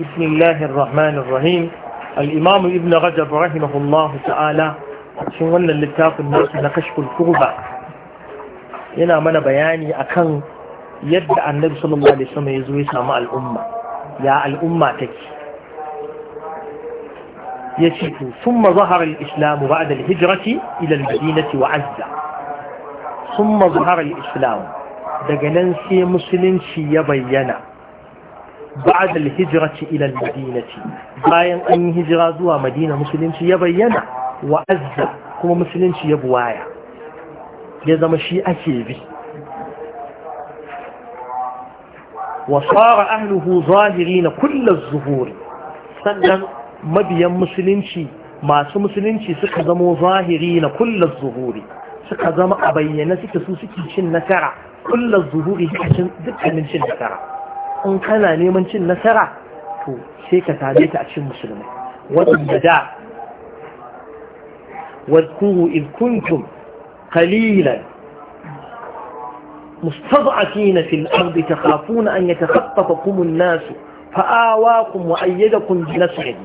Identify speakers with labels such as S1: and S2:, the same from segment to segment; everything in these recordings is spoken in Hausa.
S1: بسم الله الرحمن الرحيم الإمام ابن رجب رحمه الله تعالى شنوان اللتاق الموت نكشف الكربة هنا من بياني أكن يدعى النبي صلى الله عليه وسلم يزوي سماء الأمة يا الأمة تكي يشيك ثم ظهر الإسلام بعد الهجرة إلى المدينة وعزة ثم ظهر الإسلام دقنان سي مسلم سي يبينا بعد الهجرة إلى المدينة باين أن هجرة زوا مدينة مسلم يبينا وأزا كما مسلم يبوايا يزم شيء أكيبي وصار أهله ظاهرين كل الظهور sannan mabiyan musulunci masu musulunci suka zama zahiri na kullar zuhuri suka zama a bayyana suke su suke cin nasara kulla zuhuri dukkanin cin nasara in kana neman cin nasara to sai ka same ta a cikin musulmai waɗanda da wadkuru in kuntum qalilan mustad'afina fil ardi takhafuna an yatakhaffafakum an-nas fa'awakum wa ayyadakum bi nasrihi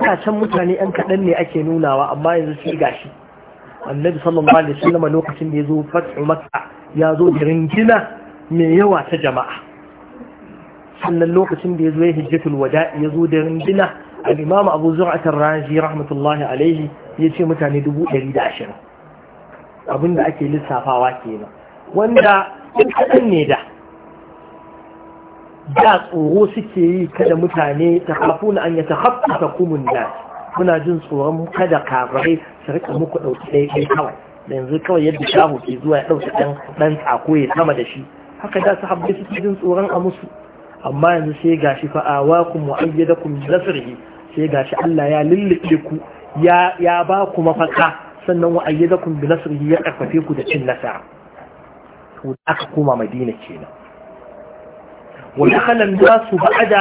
S1: da can mutane ɗan kaɗan ne ake nunawa amma yanzu sai gashi annabi sallallahu alaihi wasallam lokacin da ya zo ya zo da ringina mai yawa ta jama'a sannan lokacin da ya zo ya hijjatul wada ya zo da rindina al'imam abu zur'atar raji rahmatullahi alaihi ya ce mutane dubu ɗari da ashirin Abinda ake lissafawa kenan wanda in kaɗan ne da da tsoro suke yi kada mutane ta kafuna an ya ta haɓɓata kumun da muna jin tsoron kada kafirai su rika muku ɗauki ɗaya kawai yanzu kawai yadda shahu ke zuwa ya ɗauki ɗan ɗan tsako ya sama da shi haka da sahabbai suke cikin tsoron a musu amma yanzu sai gashi fa awakum wa ayyadakum bi sai gashi Allah ya lillibe ku ya ya ba ku mafaka sannan wa ayyadakum bi ya karfafe ku da cin nasara to aka koma Madina kenan wa dakhala an-nasu ba'da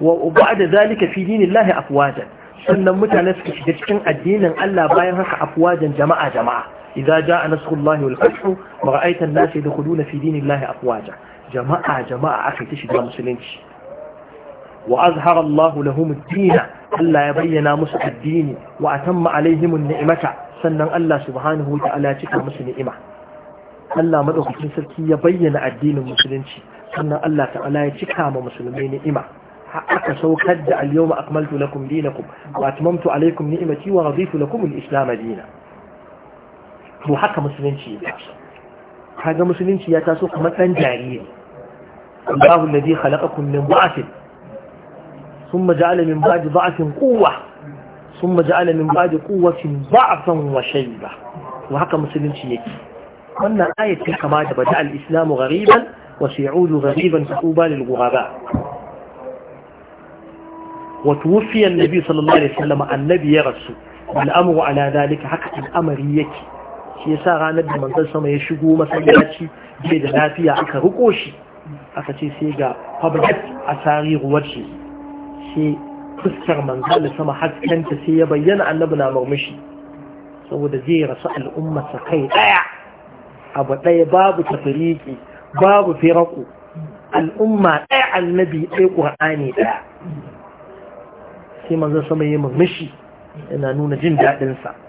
S1: wa ba'da zalika fi dinillahi afwajan sannan mutane suka shiga cikin addinin Allah bayan haka afwajan jama'a jama'a إذا جاء نصر الله والفتح ورأيت الناس يدخلون في دين الله أفواجا جماعة جماعة أخي تشد مسلمين وأظهر الله لهم الدين ألا يبين مسك الدين وأتم عليهم النعمة sannan Allah subhanahu wa ta'ala cika musu ni'ima Allah madaukakin sarki ya bayyana addinin musulunci sannan Allah ta'ala ya cika ma musulmai ni'ima aka saukar da al-yawma akmaltu lakum dinakum wa alaykum to haka musulunci ya taso kaga musulunci ya taso kuma dan jariri Allahu alladhi khalaqakum min dha'fin thumma ja'ala min ba'di dha'fin quwwa thumma ja'ala min ba'di quwwatin dha'fan wa shayba to haka musulunci yake wannan ayat kama da bada al-islamu ghariban wa sayudu ghariban tuba lil ghuraba وتوفي النبي صلى الله عليه وسلم النبي يرسل الأمر على ذلك حق الأمر يكي shi yasa ranar da manzon sama ya shigo masallaci bai da lafiya aka riko shi aka ce sai ga fabat asari ruwar shi sai fuskar manzon da sama haskanta sai ya bayyana annabi na murmushi saboda zai rasu al'ummarsa kai daya abu daya babu tafriki babu firaku al'umma daya annabi daya qur'ani daya sai manzon sama ya murmushi yana nuna jin daɗinsa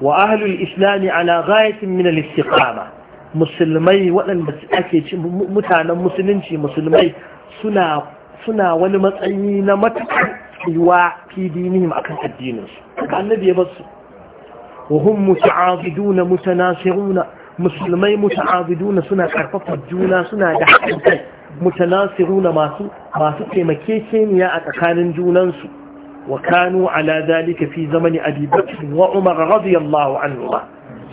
S1: wa ahlul islami ala ghayatin min al-istiqama musulmai waɗanda ake ci mutanen musulunci musulmai suna wani matsayi na matuƙar yiwa fi dinihim akan addininsu haka annabi ya basu wa hum muta'abiduna mutanasiruna musulmai muta'abiduna suna karfafa juna suna da haɗin kai mutanasiruna masu masu taimakekeniya a tsakanin junansu وكانوا على ذلك في زمن أبي بكر وعمر رضي الله عنهما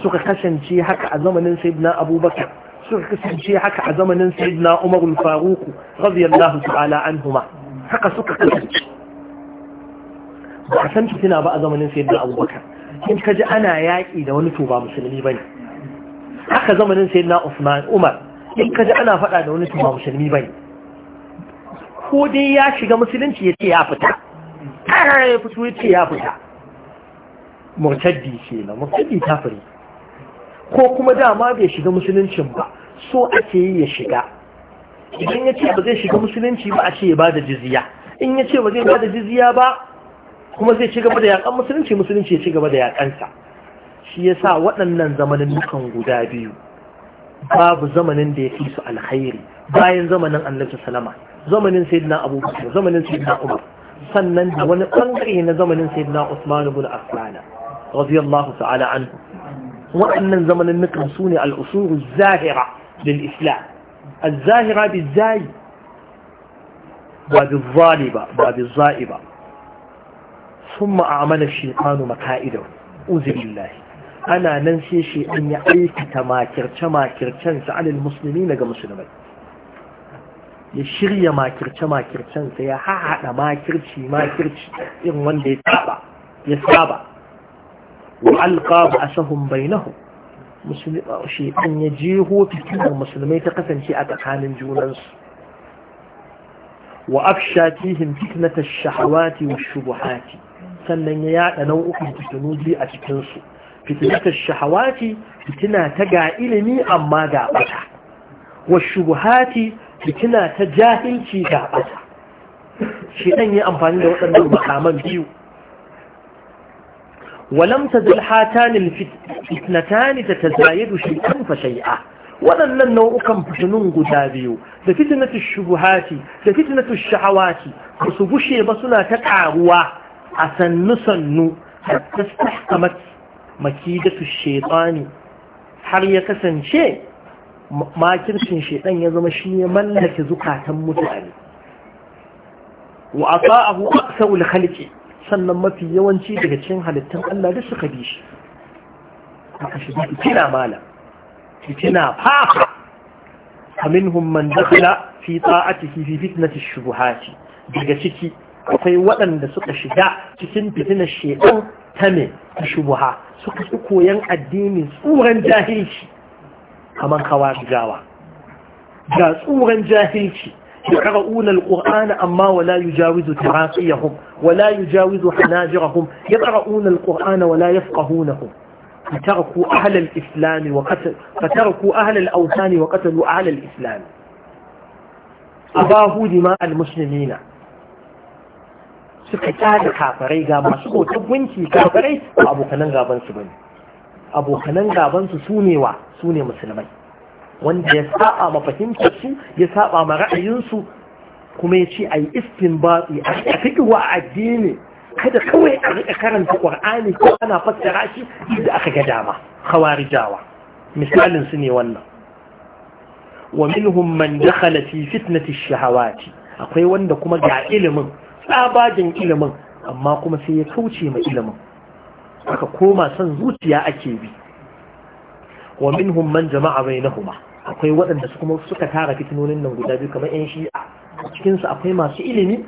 S1: suka kasance haka a zamanin sayyidina abubakar suka kasance haka a zamanin sayyidina umar al radiyallahu ta'ala anhuma suka kasance ba a zamanin sayyidina abubakar in ka ji ana yaƙi da wani to ba musulmi haka zamanin sayyidina umar in ka ji ana faɗa da wani musulmi ya shiga musulunci ya ce ya fita kara ya fito ya ce ya fita murtaddi ce na murtaddi ta fari ko kuma dama bai shiga musuluncin ba so ake yi ya shiga idan ya ce ba zai shiga musulunci ba a ce ya bada jiziya. in ya ce ba zai bada jiziya ba kuma zai ci gaba da yakan musulunci musulunci ya ci gaba da yakansa shi ya sa waɗannan zamanin nukan guda biyu babu zamanin da ya fi su alkhairi bayan zamanin annabta salama zamanin sayyidina abubakar zamanin sayyidina umar sannan da wani ɓangare na zamanin sayyidina Usman ibn Affan radiyallahu ta'ala anhu waɗannan zamanin nukan su ne al'usuru zahira lil islam al-zahira bi zai ba bi zaliba ba bi za'iba sun ma'amala shekanu maka'idar uzubillahi ana nan sai shi an ya aikata makirce makircen alil musulmi daga musulmai ya shirya makirce-makircensa ya haɗa makirci-makirci irin wanda ya saba ya saba wa alƙabu a sahun bainahu shaitan ya jeho fitinar musulmai ta kasance a tsakanin junansu wa afsha fihim shahawati wa shubuhati sannan ya yada nau'ukan biyu a cikinsu fitnatar shahawati fitina ta ga ilimi amma ga wata wa shubuhati fitina ta jahilci da ɓata shi ɗan yi amfani da waɗannan makaman biyu walam ta zalhatanin fitnatani ta tazayidu shi fa shai'a waɗannan nau'ukan fitinun guda biyu da fitinatu shubuhati da fitinatu shahawati ba su gushe ba suna ta ƙaruwa a sannu sannu hatta stahkamat makidatu shaitani har ya kasance makircin shaidan ya zama shi ne mallake zukatan mutane wa ata'ahu aksarul khalqi sannan mafi yawanci daga cikin halittun Allah da suka bi shi aka shiga fitina mala fitina fafa فمنهم من دخل في fi في فتنة الشبهات daga ciki akwai waɗanda suka shiga cikin fitinar shaiɗan ta mai ta shubuha suka fi koyan addini tsoron jahilci كمان خواج جاوا ga جاهلتي يقرؤون القرآن أما ولا يجاوز تراقيهم ولا يجاوز حناجرهم يقرؤون القرآن ولا يفقهونه فتركوا أهل الإسلام وقتل فتركوا أهل الأوثان وقتلوا أهل الإسلام أباه دماء المسلمين suka كافري kafarai ga masu hoton gunki kafarai abokanan gaban abokanan gabansu su ne wa su ne musulmai wanda ya saba ma fahimtar su ya saba ma ra'ayinsu kuma ya ce a yi istinbati a fiƙi wa addini kada kawai a riƙa karanta ƙwar'ani ko ana fassara shi inda aka ga dama jawa misalin su ne wannan wa minhum man dakhala fi fitnati shahawati akwai wanda kuma ga ilimin tsabajin ilimin amma kuma sai ya kauce ma ilimin aka koma son zuciya ake bi wa minhum man jama'a bainahuma akwai waɗanda su kuma suka tara fitinonin nan guda biyu kamar yan shi'a cikin su akwai masu ilimi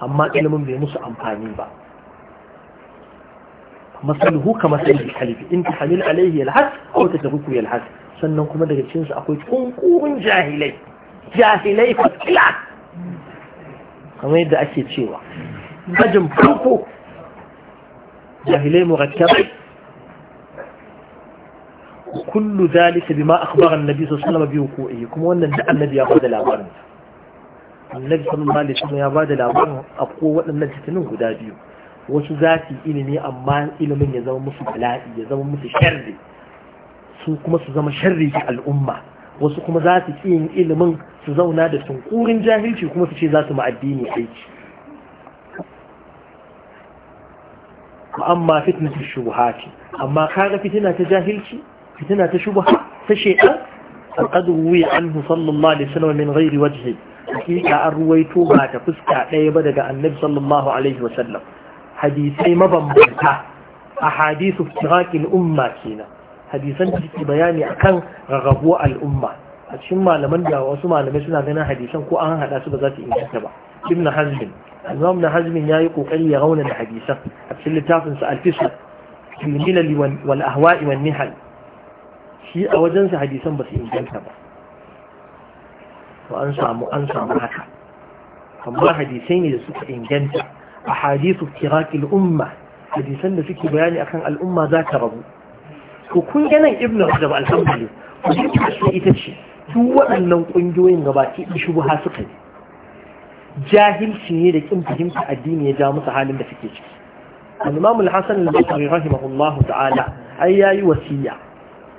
S1: amma ilimin bai musu amfani ba masalhu kama sai kalifi in ta halil alaihi yalhas ko ta tabuku yalhas sannan kuma daga cikin akwai kunkurun jahilai jahilai fa kamar yadda ake cewa ajin farko jahilai مغتب kullu ذلك بما أخبر النبي صلى الله عليه وسلم wuqu'i kuma wannan da annabi ya bada labarin الله عليه وسلم wasallam ya bada labarin النبي تنوه fitinin guda biyu wasu yi ilimi amma ilimin ya zama musu bala'i ya zama musu sharri su kuma su zama sharri ga al'umma wasu kuma za su yin ilimin su zauna da tunkurin jahilci kuma su ce za su ma addini aiki amma fitnatu shubuhati amma kaga fitina ta jahilci fitina ta shubha ta shaytan faqad wuya anhu sallallahu alaihi wasallam min ghairi wajhi hakika an ruwaito ba ta fuska ɗaya ba daga annabi sallallahu alaihi wasallam hadisai mabambanta ahadithu firaqil umma kenan hadisan ciki suke bayani akan rarrabuwar al'umma a cikin malaman da wasu malamai suna ganin hadisan ko an hada su ba za su inganta ba ibn hazm al-imam na hazmin yayi kokari ya rauna da hadisan a cikin littafinsa sa al-fisl fil milal wal ahwa'i wan nihal shi a wajen hadisan ba su inganta ba to an samu an samu haka amma hadisai ne da suka inganta a hadisu tirakil umma hadisan da suke bayani akan al'umma za ta rabu to kun ganin ibnu rajab alhamdulillah ku ita ce duk waɗannan ƙungiyoyin gabaki ɗin shubuha suka yi jahilci ne da kin fahimta addini ya ja musu halin da suke ciki al-imam al-hasan al-basri rahimahullah ta'ala ai yayi wasiya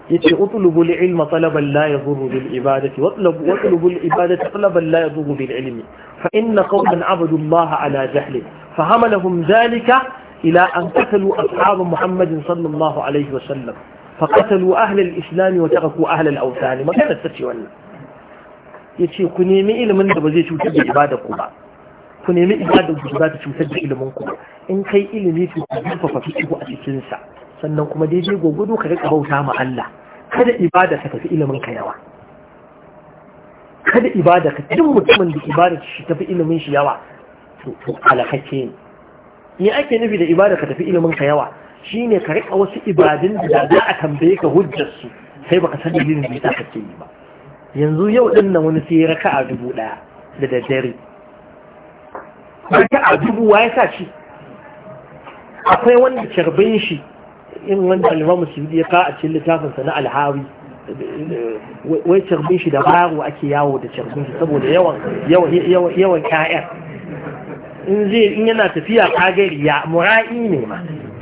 S1: yace utlubul ilma talaban la yadhurru bil ibadati watlubu watlubul ibadati talaban la yadhurru bil ilmi fa inna qawman abadu Allah ala jahli fa hamalahum dhalika ila an qatalu ashab Muhammad sallallahu alayhi wa sallam fa فقتلوا أهل الإسلام وتركوا أهل الأوثان ma كانت تتشي والله ya ce ku nemi ilimin da ba zai cutar da ibada ku ba ku nemi ibada ku za ta cutar da ilimin ku in kai ilimi ku zurfafa ku a cikinsa, sannan kuma daidai gwagwado ka rika bauta ma Allah kada ibada ka tafi ilimin ka yawa kada ibada ka duk mutumin da ibada shi tafi ilimin shi yawa to alakake ne me ake nufi da ibada ka tafi ilimin ka yawa shine ka rika wasu ibadun da za a tambaye ka hujjar su sai baka san dalilin da ya ka ce ba yanzu yau ɗin nan wani sai raka a dubu ɗaya da daddare raka a dubu wa ya sa ci? akwai wanda carbin shi in wanda alimamu su ya ka a cikin littafinsa na alhawi wai carbin shi da baro ake yawo da carbin shi saboda yawan yawan in zai in yana tafiya kagari ya mura'i ne ma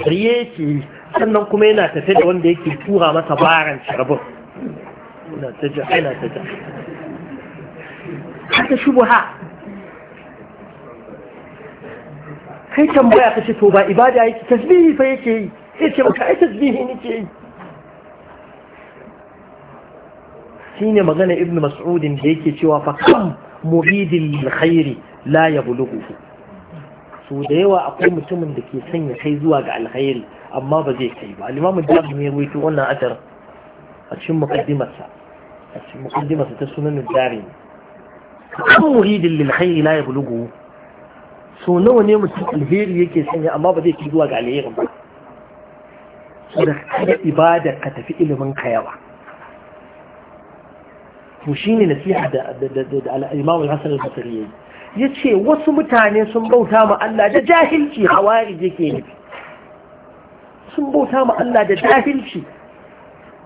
S1: riye ke sannan kuma yana tafe da wanda yake tura masa baran carbin ina ta ja ina ta
S2: ja kai tambaya
S1: kace to ba ibada yake tasbihi fa yake yi sai ce maka ai tasbihi nake yi shine magana ibn mas'udin da yake cewa fa kam muridin lil khairi la da yawa akwai mutumin da ke sanya kai zuwa ga alkhairi amma ba zai kai ba al-imam ad wannan asar a cikin a cikin mukaddima ta sunan jari kan muridin lil khairi la yablughu so nawa ne mutum alheri yake sanya amma ba zai ci zuwa ga alherin ba da kada ibada ka tafi ilimin kayawa. yawa to shine nasiha da da al-Imam al-Hasan Ya ce wasu mutane sun bauta ma Allah da jahilci hawari yake nufi sun bauta ma Allah da jahilci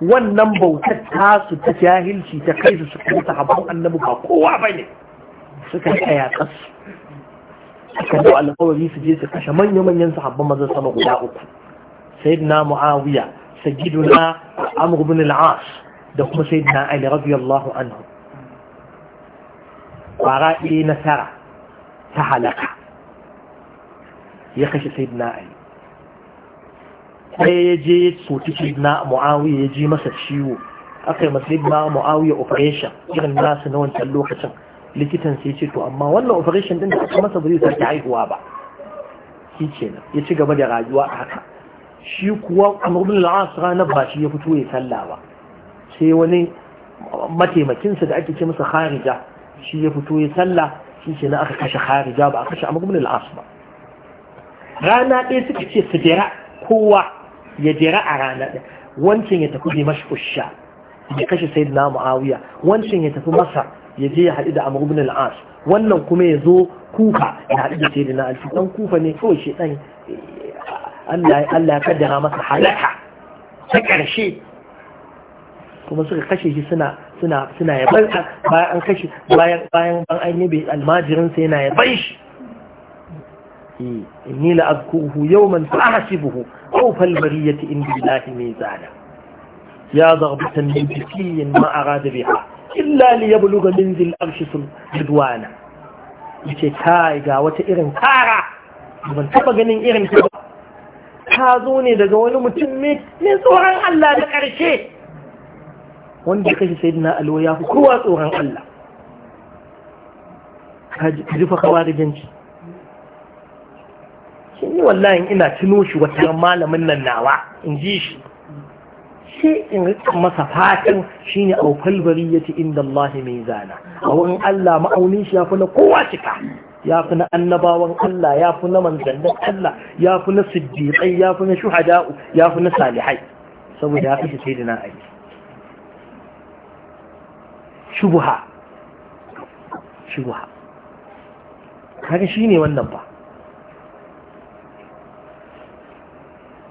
S1: wannan bautar ta su ta jahilci ta kai su suka yi haɓar annabu ba kowa ba ne suka yi kayakansu suka yi alkawari su je su kashe manya-manyan su haɓar mazan sama guda uku sai na muawiya sayyiduna amr ibn al-as da kuma sai sayyidina ali radiyallahu anhu ƙwara ɗaya nasara ta halaka ya kashe sai na ali sai ya je ya na mu'awiyya ya ji masa ciwo aka yi masu na mu'awiyya operation irin nasu na wancan lokacin likitan sai ce to amma wannan operation din da aka masa ba zai sake haihuwa ba shi ce ya ci gaba da rayuwa a haka shi kuwa amurbin la'as ranar ba shi ya fito ya salla ba sai wani mataimakinsa da ake ce masa harija shi ya fito ya salla shi ce na aka kashe harija ba a kashe amurbin la'as ba rana ɗaya suka ce su kowa ya jera a rana ɗaya wancan ya tafi dimashq sha ya kashe sayyidina muawiya wancan ya tafi masa ya je ya haɗu da amr ibn wannan kuma ya zo kufa ya haɗu da na ali Ɗan kufa ne kawai shi dan Allah ya kaddara masa halaka ta ƙarshe kuma suka kashe shi suna suna suna yabar bayan an kashe bayan bayan an yabe almajirin sa yana bai shi
S2: inni
S1: la azkuruhu yawman fa ahsibuhu aw fal bariyati inda mizana ya zaghbatan min fikriyin ma arada biha illa li yabluga minzil arshi ridwana yace kai ga wata irin kara ban taba ganin irin ta ta zo ne daga wani mutum ne ne tsoron Allah da ƙarshe wanda ya kashe sayyidina alwa ya fi kowa tsoron Allah ka ji fa kawa da ni wallahi ina tuno shi wata malamin nan nawa in ji shi Shi in rika masa fatin? Shi ne a au ya yace inda Allah mai zana A wurin Allah ma'aunin shi ya fi na kowa cika ya fi na annabawan Allah fi na manzannin Allah fi na ya fi na shuhada'u fi na salihai saboda ya kashe sai dina aiki shubha shubha kaga ne wannan ba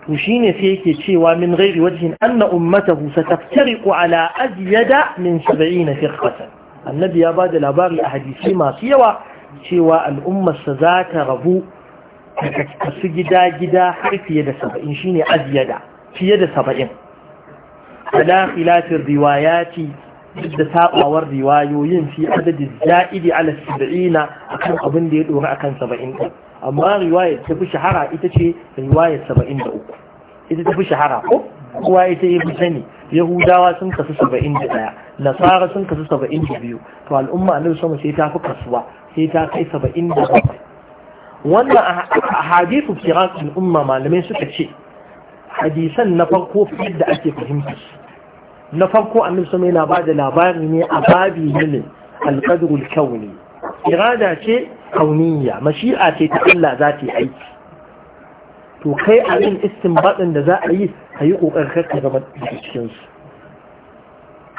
S1: to shine sai yake cewa min ghairi wajhin anna ummatahu sataftariqu ala azyada min 70 firqatan annabi ya bada labari a hadisi masu yawa cewa al'ummarsa za ta rabu su gida gida har fiye da 70 shine azyada fiye da saba'in. ala khilafir duk da sabawar riwayoyin fi adadin za'idi ala akan abin da ya dora akan saba'in 70 amma riwayar ta fi shahara ita ce riwayar 73 ita ta fi shahara ko kuwa ita ya fi sani yahudawa sun kasu 71 nasara sun kasu 72 to al'umma annabi sama sai ta fi kasuwa sai ta kai 77 wannan a hadithu kiran al'umma malamai suka ce hadisan na farko da ake fahimta na farko annabi sama yana ba da labari ne a babi ne alqadrul kauni irada ce kauniya mashi'a ce ta Allah za ta yi aiki to kai a yin istinbadin da za a yi ka yi kokarin ka zama cikinsu.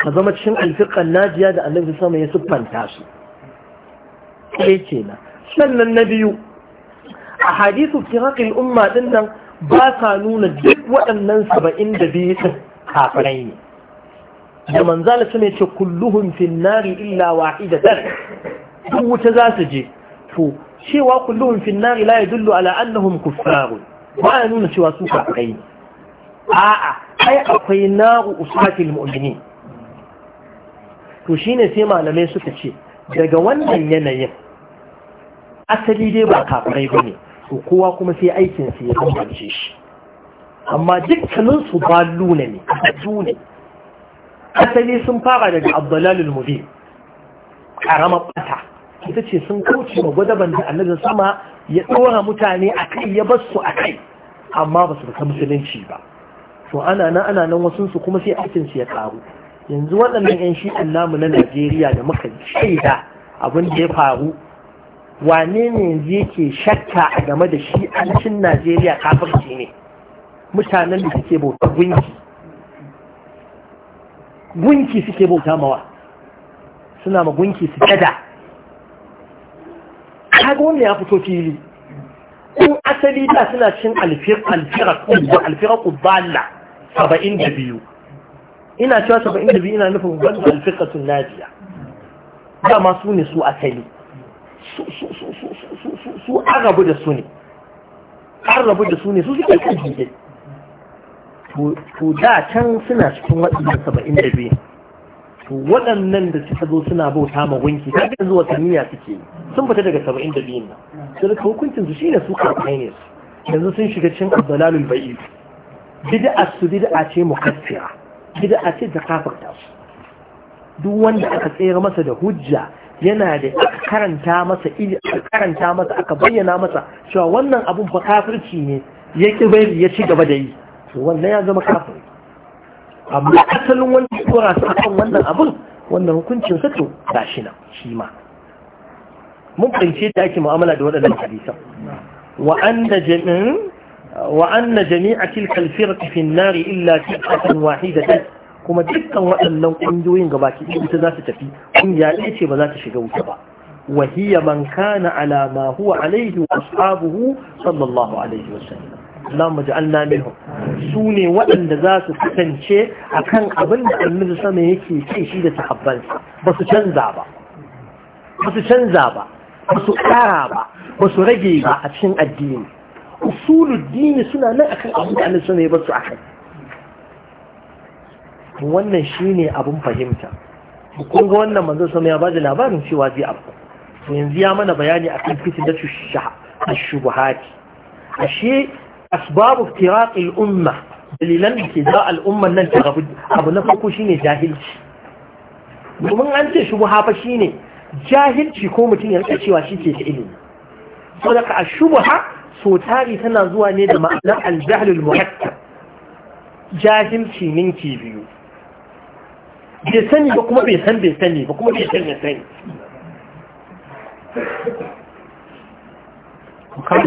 S1: ka zama cikin alfiqan najiya da Allah sama ya siffanta su sai kenan sannan na biyu a hadisu firaqil umma din nan ba sa nuna duk waɗannan saba'in da biyu din kafirai ne da manzala su ne ce kulluhum fin illa wahidatan duk wuta za su je to cewa kulluhum fi an la yadullu ala annahum kuffar ba nuna cewa su kafirai a'a ai akwai naru usatil mu'minin to shine sai malamai suka ce daga wannan yanayin asali dai ba kafirai bane to kowa kuma sai aikin sa ya bambance shi amma dukkanin su luna ne ne asali sun fara daga abdalalul mubin karamar bata ita ce sun kauce ma gwadaban da annabin sama ya ɗora mutane a kai ya bar su a kai amma ba su ka musulunci ba to ana nan ana nan wasu su kuma sai aikin su ya karu yanzu waɗannan yan shi namu na Najeriya da muka shaida abin da ya faru wane ne yanzu yake shakka a game da shi'ancin Najeriya kafirci ne mutanen da suke bauta gunki gunki suke bauta mawa suna ma gunki su kada kaga wannan ya fito fili in asali da suna cin alfirar ƙubbala saba'in da biyu ina cewa saba'in da biyu ina nufin wanda alfiratun najiya dama su ne su asali su an rabu da su ne an rabu da su ne su suke kan jide to da can suna cikin waɗannan saba'in da biyu waɗannan da suka zo suna bauta ma wanki ta ga zuwa ya suke sun fita daga saba'in da biyun nan Da daga hukuncin su shine su kai ne yanzu sun shiga cikin abdalalul ba'id bid'a su bid'a ce mukaffira bid'a ce ta kafirta su duk wanda aka tsere masa da hujja yana da karanta masa karanta masa aka bayyana masa cewa wannan abun fa kafirci ne ya ki ya ci gaba da yi wannan ya zama kafiri amma asalin wanda ya tura su akan wannan abin wannan hukuncin sa to gashi nan shi ma mun fahimce da ake mu'amala da waɗannan hadisan wa anna jami'in wa anna jami'a tilka al-firqa fi an-nar illa fi'atan wahidatan kuma dukkan waɗannan ƙungiyoyin gabaki ɗaya ita za su tafi ƙungiya ɗaya ce ba za ta shiga wuta ba وهي من كان على ما هو عليه وأصحابه sallallahu الله wa sallam. Allahumma ja'alna minhum waɗanda za su kasance akan abin da yake ce da sahabbansa ba su canza ba ba su canza ba ba ƙara ba ba rage ba a cikin addini usuluddini suna nan akan abin da ya wannan shine abin fahimta kun ga wannan manzon sama ya bada labarin cewa zai abu to yanzu ya mana bayani akan fitnatu shubhati ashe asbabu firaqil umma dalilan da ke za al'ummar nan ta rabu abu na farko shine jahilci domin an ce shubha fa shine jahilci ko mutum ya rika cewa shi ke da ilimi saboda a shubha so tana zuwa ne da ma'anar aljahlul muhakkam jahilci biyu bai sani ba kuma bai san bai sani ba kuma bai san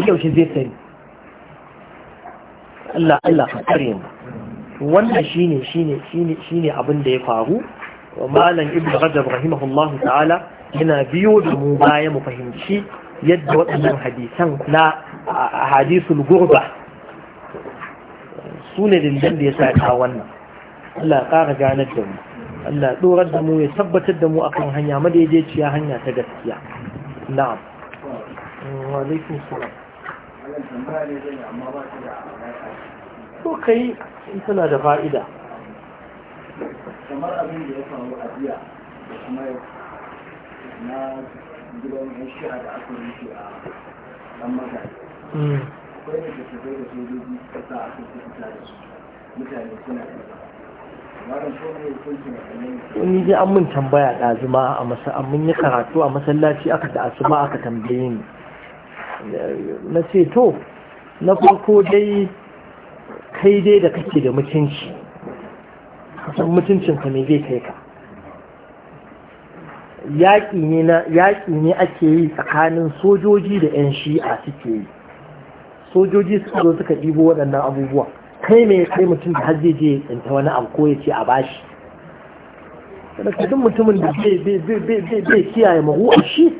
S1: yaushe zai sani Allah Allah ka kare mu wannan shine shine shine shine abin da ya faru malam ibn rajab rahimahullahu ta'ala yana biyo da mu baya mu fahimci yadda waɗannan hadisan na hadisul gurba su ne dalilan da ya sa ta wannan Allah ƙara ganar da mu Allah ɗorar da mu ya tabbatar da mu akan hanya madaidaiciya hanya ta gaskiya na'am wa alaikum salam ko kai in tana da fa'ida
S2: kamar abin da ya faru a biya da kuma na gidan yan shi'a da aka rufe a ɗan maka hmm. akwai da tattabai da sojoji kasa a cikin kusa da su mutane suna da ni dai
S1: an mun tambaya ɗazuma a mun yi karatu a masallaci aka da asuma aka tambaye ni na ce to na farko dai kai dai da kake da mutunci kasan mutuncinka ne zai kai ka yaƙi ne ake yi tsakanin sojoji da 'yan shi'a suke yi sojoji suka zo suka ɗibo waɗannan abubuwa kai mai kai mutum da har zai je tsinta wani abu ko ya ce a bashi shi? duk mutumin da zai kiyaye mahu a shi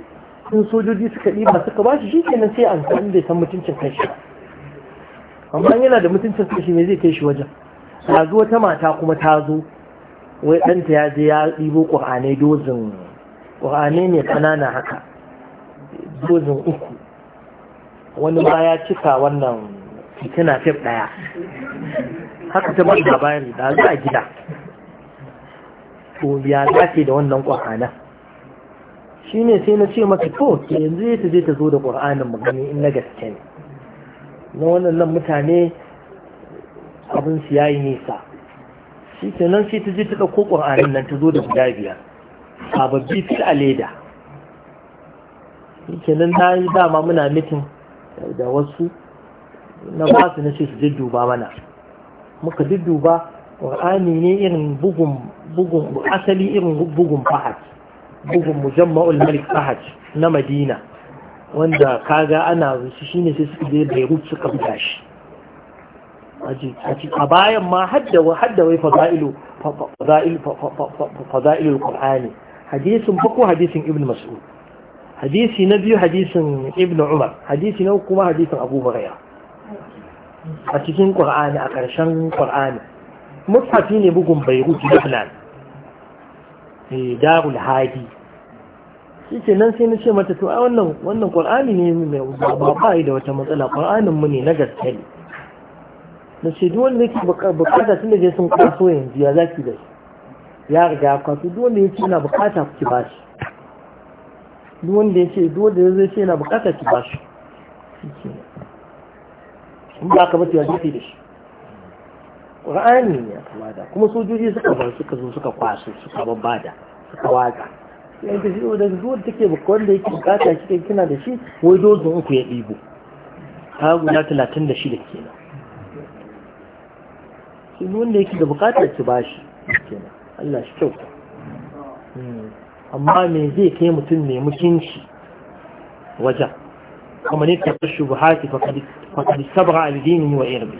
S1: cikin sojoji suka ɗiba suka ba shi kenan sai an san bai san mutuncin shi amma yana da mutuncin shi mai zai kai shi wajen ta zo ta mata kuma ta zo wai ɗanta ya je ya ɗibo ƙur'anai dozin ƙur'anai ne ƙanana haka dozin uku wani ma ya cika wannan fitina fif ɗaya haka ta bada bayan da za a gida to ya dace da wannan ƙur'anan shi ne sai na ce maka to ke yanzu ya ta je ta zo da ƙwar'anin magani in na gaske ne na wannan mutane abin su yayi nisa shi ke nan sai ta je ta ɗauko ƙur'anin nan ta zo da guda biyar sababbi fil a leda shi ke nan ta yi dama muna mitin da wasu na ba su na ce su duba mana muka duba ƙur'ani ne irin bugun asali irin bugun fahad bugun mujamma'ul malik ahaj na madina wanda kaga ana shi ne sai suka je beirut suka buga shi a bayan ma hadda wai fada'ilu Qur'ani. hadisin bako hadisin ibn mas'ud hadisi na biyu hadisin ibn umar hadisi na kuma hadisin abu a cikin ƙur'ani a ƙarshen ƙur'ani mutafi ne bugun beirut lebanon Eh, darul hadi shi ce nan sai na ce mata to a wannan wannan qur'ani ne mai ba ba da wata matsala qur'anin mu ne na gaske ne na ce duk wanda yake bukata tun da je sun kwaso yanzu ya zaki da shi ya riga kwaso duk wanda yake yana bukata ku ba shi duk wanda yake duk wanda zai ce yana bukata ki ba shi shi ce in ba ka mutu ya zaki da shi ƙura'ani ne aka kamata kuma sojoji suka ba suka zo suka kwaso suka babbada suka waka yayin da shi da zuwa take wanda yake bukata shi kai kina da shi wai dozin uku ya ɗibo ta guda talatin da shida kenan shi wanda yake da bukata ki ba shi kenan Allah shi kyauta hmm. amma me zai kai mutum ne shi wajen kuma ne ta shubuhati fa fakadi sabra al wa irbi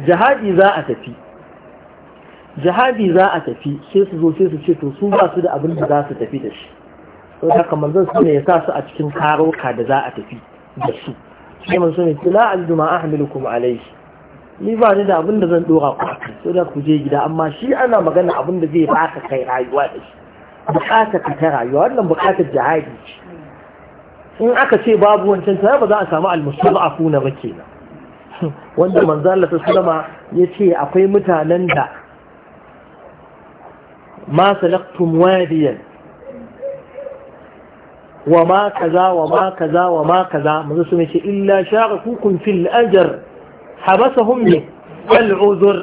S1: jihadi za a tafi jihadi za a tafi sai su zo sai su ce to su ba su da abin da za su tafi da shi sau ta kamar zan su ne ya sa su a cikin karoka da za a tafi da su sai man ne tila aljuma ahmilukum alaihi ni ba ni da abin da zan dora ku sai da ku je gida amma shi ana magana abin da zai baka kai rayuwa da shi bukata ka rayuwa wannan bukatar jihadi ce in aka ce babu wancan tare ba za a samu almusulafuna ba kenan wanda manzo Allah sallama yace akwai mutanen da ma salaktum wadiyan wa ma kaza wa ma kaza wa ma kaza manzo sun ce illa sharakukum fil ajr habasahum min al uzur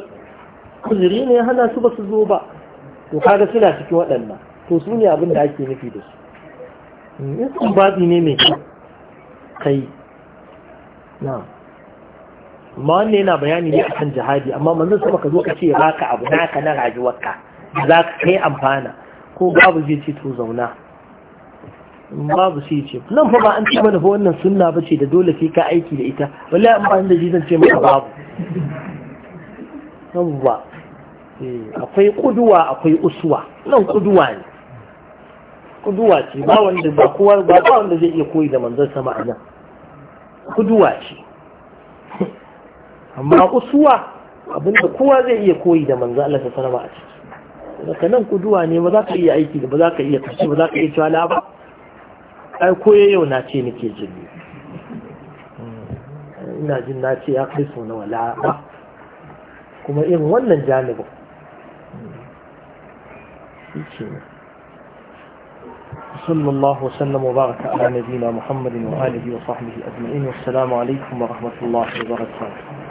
S1: uzuri ne hana su ba su zo ba to kaga suna cikin waɗannan to su ne abin da ake nufi da su hmm, in babi ne mai kai na'am Ma wannan yana bayani ne akan jihadi amma manzon sama ka zo ka ce ka abu naka na ka. za ka kai amfana ko babu zai ce to zauna babu sai ce nan fa ba an ci mana fa wannan sunna ce da dole sai ka aiki da ita wallahi an ba da ji zan ce maka babu yawwa eh, akwai kuduwa akwai uswa nan kuduwa ne kuduwa ce ba wanda ba kowa ba wanda zai iya koyi da manzon sama nan. kuduwa ce amma usuwa abinda kowa zai iya koyi da manzo Allah sallallahu alaihi wasallam daga nan kuduwa ne ba za ka iya aiki ba za ka iya kashi ba za ka iya tsala ba ai koye yau na ce nake jini ina jin na ce ya kai sau wala la kuma irin wannan janibin صلى الله وسلم وبارك على نبينا محمد وآله وصحبه أجمعين والسلام عليكم ورحمة الله وبركاته